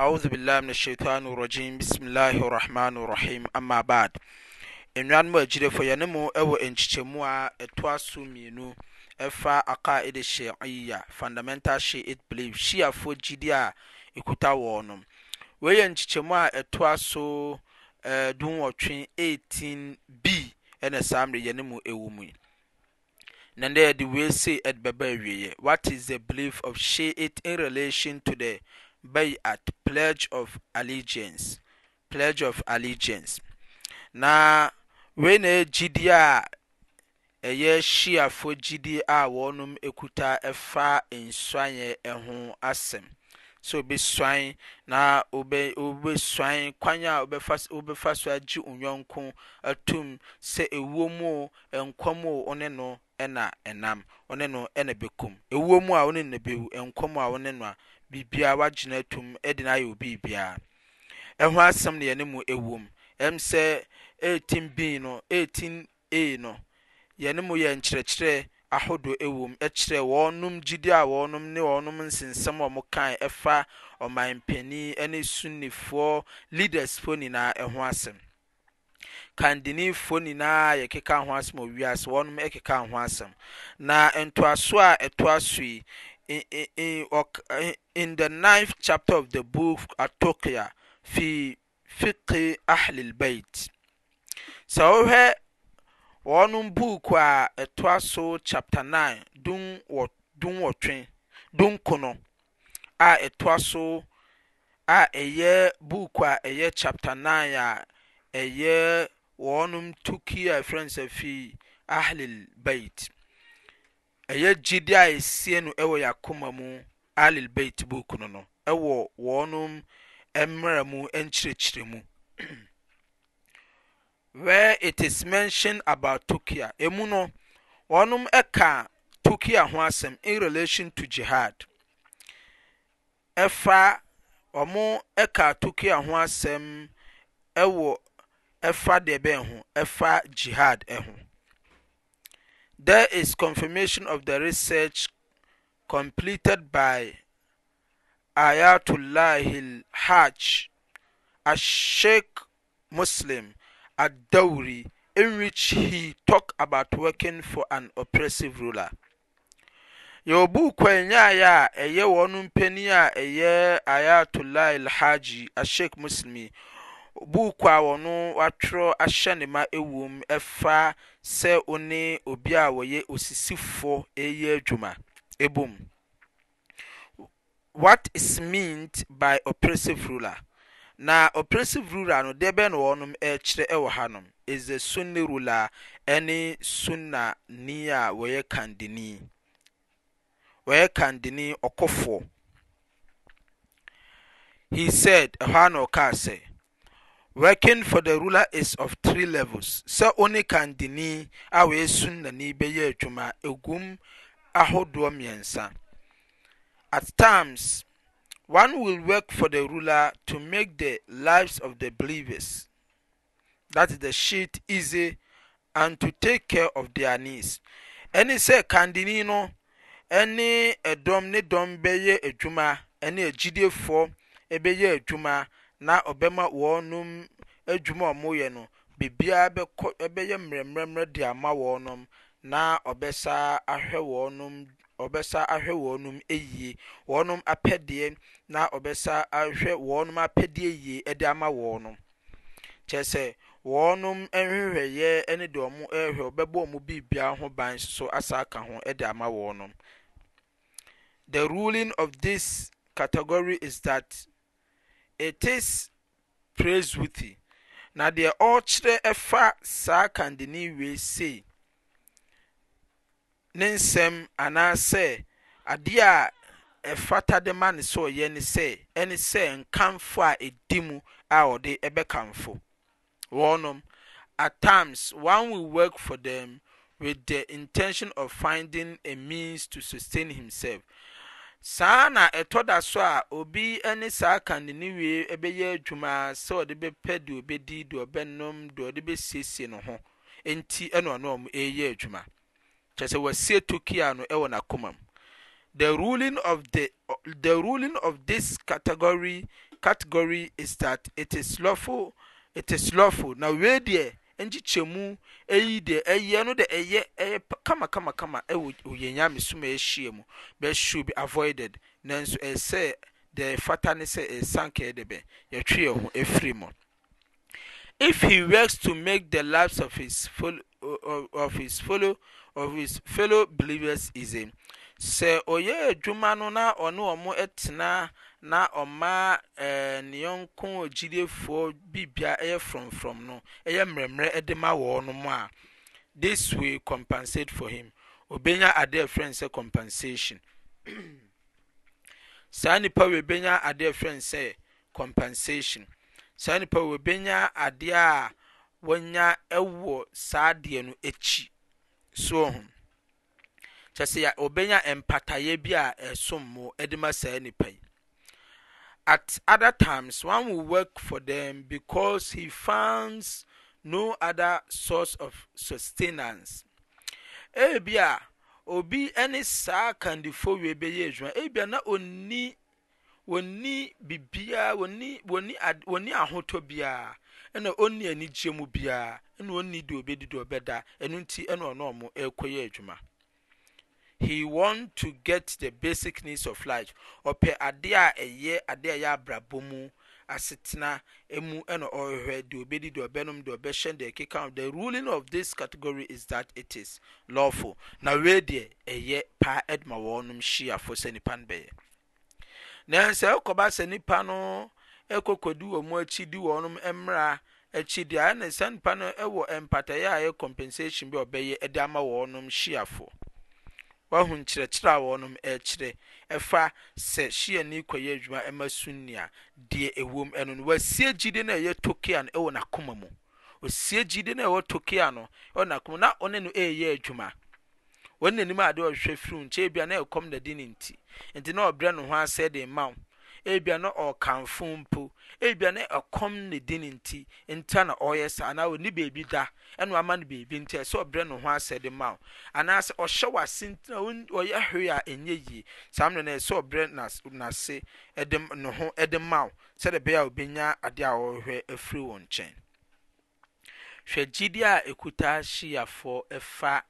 aousubillah min ashitan ragim bisimilah rohmani rahim amabad nnano m agyidefo yɛne mu ɛwɔ nkyikyɛmu a ɛtoa so mmienu fa akaida shiriia fundamental sheet beliefe shiafoɔ gyidi a ɛkutawɔ nom weiyɛ nkyikyɛmu a ɛtoasodutwe8b ne saa mre yɛnem w muyi nande de wese at barbaawie whatis the belief of sheet in relation to de bay at pledge of allegiance pledge of allegiance na wei na gyidie a ɛyɛ shiafo gidi a wɔnom ekuta ɛfa nsɔanyɛ ɛho asɛm sɛ obesuan na obe obesuan kwan a obɛfa obɛfa so agye onyɔnko atum sɛ ewuo mu o nkɔm o ɔne no ɛna ɛnam ɔne no ɛna bekum ewuo mu a ɔne no bewu nkɔm a ɔne no a Bibia wagyina to mu de no ayɛ obi biara ɛho asɛm no yɛne mu ɛwɔ mu ɛm sɛ 18b no 18a no yɛne mu yɛ nkyerɛkyerɛ ahodoɔ ɛwɔ ɛkyerɛ wɔnom gyidi a wɔnom ne wɔnom nsensɛm a wɔn kan ɛfa ɔmanpanin ne sunnifoɔ leaders foɔ nyinaa ɛho asɛm kandinifoɔ nyinaa yɛkeka ho asɛm wɔ wiase wɔnom ɛkeka ho asɛm na ntoasoɔ a ɛtoa so yi in the ninth chapter of the book atokya fi fik ahli lbait sɛ wo hɛ wɔnom buuk a ɛtoa so chapter ni dwte dokrono aɛtoasoaɛy buuk a ɛyɛ chapter nin a ɛyɛ wɔnom tuki a friendsa fi ahlelbat ɛyɛ gyidi a esie no ɛwɔ yakoma mu alil bait book no no ɛwɔ wɔn mmerɛ mu nkyerɛkyerɛ mu where it is mentioned about tukia emu no wɔn ɛka tukia ho asɛm in relation to jihad ɛfa wɔn ɛka tukia ho asɛm ɛwɔ ɛfa deɛ bɛn ho ɛfa jihad ɛho. there is confirmation of the research completed by ayatullahilhaj ashkh muslim adawri in which he talk about working for an oppressive ruler ywbuknyaya y wnmpeni a yɛ ayatullahilhaji ashkh muslimi buuku a wɔn atwerɛ ahyɛ ne ma wɔ mu ɛfa sɛ ɔne obi a ɔyɛ osisifoɔ ɛreyɛ adwuma bɔ mu what is meant by oppressive ruler na oppressive ruler no deɛ bɛn na wɔn ɛrekyerɛ wɔ hanom is the sunni ruler ɛne sunnani a ɔyɛ kandini ɔyɛ kandini ɔkɔfoɔ he said ɛhɔ ano ɔkaa sɛ. working for the ruler is of three levels sɛ one kandini a wɔyɛ sunnani bɛyɛ adwuma egum ahodoɔ mmiɛnsa at times one will work for the ruler to make the lives of the believers that is the shit easy and to take care of their needs ɛne sɛ kandini no ɛne ɛdɔm ne dɔm bɛyɛ adwuma ɛne agyidefoɔ ɛbɛyɛ adwuma. na ɔbɛma wɔnom adwuma a wɔyɛ no biribiara bɛkɔ ɛbɛyɛ mmerɛmmerɛmmerɛ de ama wɔnom na ɔbɛsa ahwɛ wɔnom ɔbɛsa ahwɛ wɔnom yie wɔnom apɛdeɛ na ɔbɛsa ahwɛ wɔnom apɛdeɛ yie de ama wɔnom kyerɛ sɛ wɔnom nhwehwɛeɛ ne deɛ wɔn rehwɛ ɔbɛbɔ wɔn biribiara ho ban so asa aka ho de ama wɔnom the ruling of this category is that itis praise wothi na deɛ ɔlkyerɛ ɛfa saa kandenni wie sei ne nsɛm anaasɛ adeɛ a ɛfa tade ma no sɛ ɔyɛ ne sɛ ɛne sɛ nkamfo a ɛdi mu a wɔde bɛkamfo wɔnom at times one will work fɔr them with the intention of finding a means to sustain himself saa na ɛtɔ da so a obi ne saa kandini wie bɛyɛ adwuma sɛ ɔde bɛpɛ deɛ ɔbɛdi deɛ ɔbɛnom deɛ ɔde bɛsiesie ne ho nti ɛna ɔno ɔmo ɛreyɛ adwuma kyerɛ sɛ wɔasie tokia no ɛwɔ n'akoma mu the ruling of the the ruling of this category category is that it is lawful it is lawful na wei deɛ nkyekyɛmu ɛyi deɛ ɛyɛ no deɛ ɛyɛ ɛyɛ kamakamakama ɛwɔ yɛn nyame ɛhyia mu but should avoided nanso ɛsɛ deɛ ɛfata ne sɛ ɛsan kɛɛ de bɛ yɛtwe yɛn ho ɛfiri mu if he works to make the lives of his follow of his follow of his fellow believers easy sɛ ɔyɛ adwuma no na ɔne ɔmo ɛtena. na ɔmaa ɛɛ eh, ne yɔnko ogyilefoɔ bibia ɛyɛ frɔmfrɔm no ɛyɛ mmerɛmmerɛ de ma mu a this way compensate for him obenya ade frɛ no compensation saa nipa wei benya adeɛ frɛ no compensation saa nipa wei benya adeɛ a wɔnya ɛwɔ saa adeɛ no akyi soɔ ho kyɛ sɛ obenya mpataeɛ bi a ɛsom mo edema ma saa nipa yi at other times one will work for them because he finds no other source of sustenance ebia obi ne saa kandifo wie bɛyɛ adwuma ebia na onni wonni bibiaa wonni wonni ad wonni ahotɔ biara ɛna onni anigye mu biara ɛna onni deɛ obɛdi deɛ ɔbɛda ɛno nti ɛna ɔno ɔmo ɛrekɔyɛ adwuma he want to get the basic needs of life ɔpɛ adeɛ a ɛyɛ adeɛ a ɛyɛ abrabɔ mu asetena emu ɛna ɔrehwɛ deɛ obedi deɛ ɔbɛnum deɛ ɔbɛhyɛ deɛ ɛkeka the ruling of this category is that it is lawful na wei deɛ ɛyɛ paa ɛdima wɔnom hyiafo sɛ nipa no bɛyɛ na sɛ ɛkɔba sɛ nipa no ɛkɔkɔdi wɔn mu akyi di wɔnom mmra akyi deɛ ɛna sɛ nipa no ɛwɔ mpataeɛ a ɛyɛ compensation bi ɔbɛyɛ ɛde ama wɔnom hyiafo wahu nkyerɛkyerɛ a wɔnom ɛrekyerɛ eh, ɛfa sɛ hyiani kɔyɛ adwuma ɛma sunni a deɛ ɛwom ɛno no wasie gyide no a ɛyɛ tokia no ɛwɔ n'akoma mu osie gyide no ɛwɔ tokia no ɛwɔ n'akoma na ɔne no ɛreyɛ adwuma wɔn n'anim ade ɔhwɛ firi nkyɛn bi a na ɛkɔm dadi ne nti nti na ɔbrɛ ne ho asɛ de mma ebia na ɔrekamfo mpo ebia na ɛkɔm ne di ne nti nta na ɔreyɛ saa anaa ɔni beebi da ɛna ama no beebi nti ɛsɛ ɔbrɛ ne ho asɛde ma o anaasɛ ɔhyɛ w'ase nti na ɔyɛ hwee a ɛnyɛ yie saa mmerɛ no ɛsɛ ɔbrɛ n'ase ɛde ne ho ɛde ma o sɛdeɛ bɛyɛ a obenya adeɛ a ɔrehwɛ afiri wɔn nkyɛn hwɛ gyidi a ekuta ahyiafoɔ ɛfa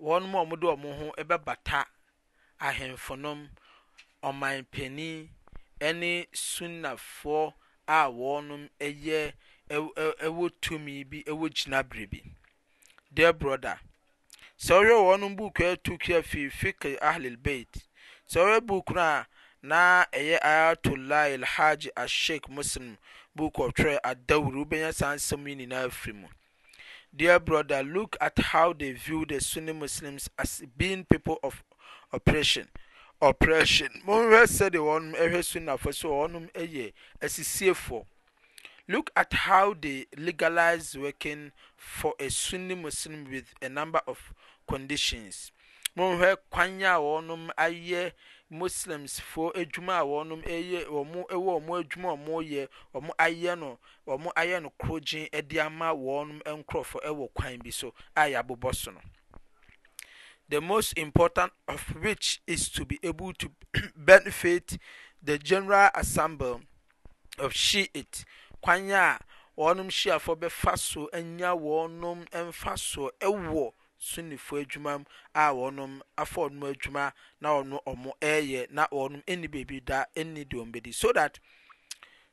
wɔn a wɔde wɔn ho ɛbɛbata ahemfonom ɔmanpanin ani sunafɔ a wɔnom yɛ wɔ tumi bi wɔ gyina berɛbi dear brother sɛ wowiɛ wɔnom buukuu a tukua fii fik ahllbat sɛ wowi buukuno a na ɛyɛ yatullah ilhaji a sheik muslim buukuɔtwerɛ adawru wobɛnya saa nsɛm yi nyinaa firi mu dear brother look at how the view the suny muslims as bean people of oppression oppression monhwɛ sɛde wɔn ɛhwɛ sunnafo so wɔn um yɛ asisiefo look at how they legalize working for a sunni muslim with a number of conditions monhwɛ kwan um a wɔn ayɛ muslims fo adwuma a wɔn ɛyɛ wɔn ɛwɔ wɔn adwuma a wɔn yɛ wɔn ayɛ no wɔn ayɛ no korogyen de ama wɔn um nkorɔfo ɛwɔ kwan bi so a yɛabobɔ so no the most important of which is to be able to benefit the general assembly of shiit kwan a wɔnom shiafoɔ bɛfa so anya wɔnom mfa so ɛwɔ sunnifoɔ adwuma mu a wɔnom afa wɔnom adwuma na wɔn ɔmo ɛɛyɛ na wɔnom ɛni beebi da ɛni deɛ wɔn bɛdi so that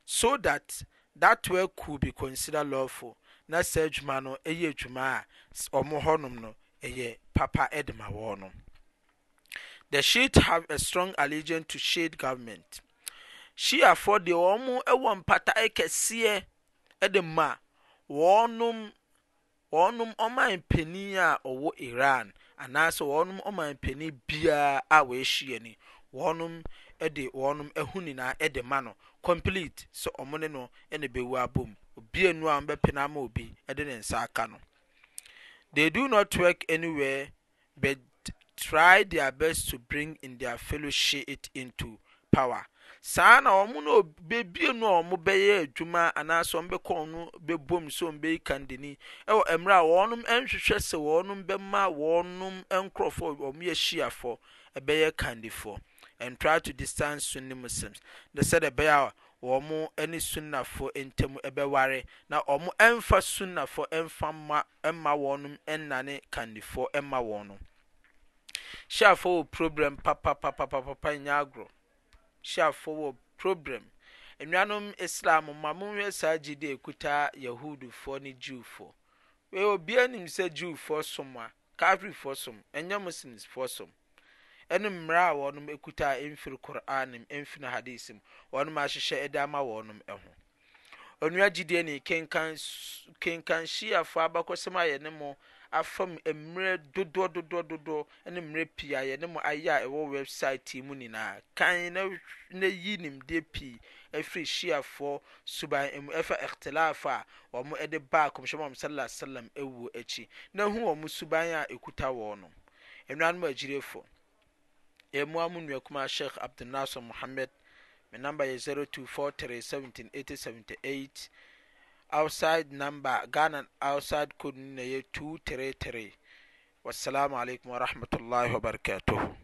so that that work could be considered lawful na sɛ adwuma no ɛyɛ adwuma a ɔmo hɔnom no ɛyɛ papa ɛde ma wɔn no the shiit have a strong allegiance to shiit government shiafoɔ deɛ wɔn ɛwɔ mpata ɛkɛseɛ ɛde ma wɔnom wɔnom ɔman panyin a ɔwɔ iran anaasɛ wɔnom ɔman panyin biara a wɔahyia ni wɔnom ɛde wɔnom ɛho nyinaa ɛde ma no complete sɛ ɔmo ne no ɛna bɛwu abom obiara nu a ɔmo bɛpɛ na ama obi ɛde ne nsa aka no. They do not work anywhere, but try their best to bring in their fellowship it into power. saa na wɔn na bebie no a wɔn bɛyɛ adwuma anaasɛ wɔn bɛkɔ wɔn bɛbom so wɔn bɛyi kandeni ɛwɔ mmerɛ a wɔn nhwehwɛ sɛ wɔn bɛma wɔn nkorɔfoɔ wɔn yɛ hyiafoɔ ɛbɛyɛ kandifoɔ and try to distance sunni muslims de sɛ de bɛyɛ a wɔn ne sunnafoɔ ntam bɛware na wɔn mfa sunnafoɔ mfa mma mma wɔn nnane kandifoɔ mma wɔn hyiafoɔ wɔ problem papapapapapa nyɛ agorɔ hyiafoɔ wɔ problem nnuanom islam ma monhwɛ saa gyidi ekuta yahudufoɔ ne jewfoɔ wɔyɛ obiara nim sɛ jewfoɔ som a kafirifoɔ som ɛnyɛ muslimsfoɔ som ɛne mmerɛ a wɔnom ekuta a mfiri qur'anim mfiri hadis mu wɔnom ahyehyɛ ɛde ama wɔnom ho onua gyidie ne kenkan kenkan hyiafo abakɔsɛm a yɛne mo afam mmerɛ dodoɔ dodoɔ dodoɔ ne mmerɛ pii a yɛne mo ayɛ a ɛwɔ website mu nyinaa kan na na yi nimdeɛ pii afiri hyiafoɔ suban mu ɛfa ɛkhtilaaf a wɔn de baa kɔmhyɛ mu sallallahu alaihi wasallam ɛwɔ akyi na hu wɔn suban a ekuta wɔn no nnuanom agyirefo e moamun we koma cheikh abdounaser mouhammed mi namba ye 02 43 17 878 outside namber gana outside kodnine ye 2 33 wassalamualeykum wa rahmatuullahi wa barakatuh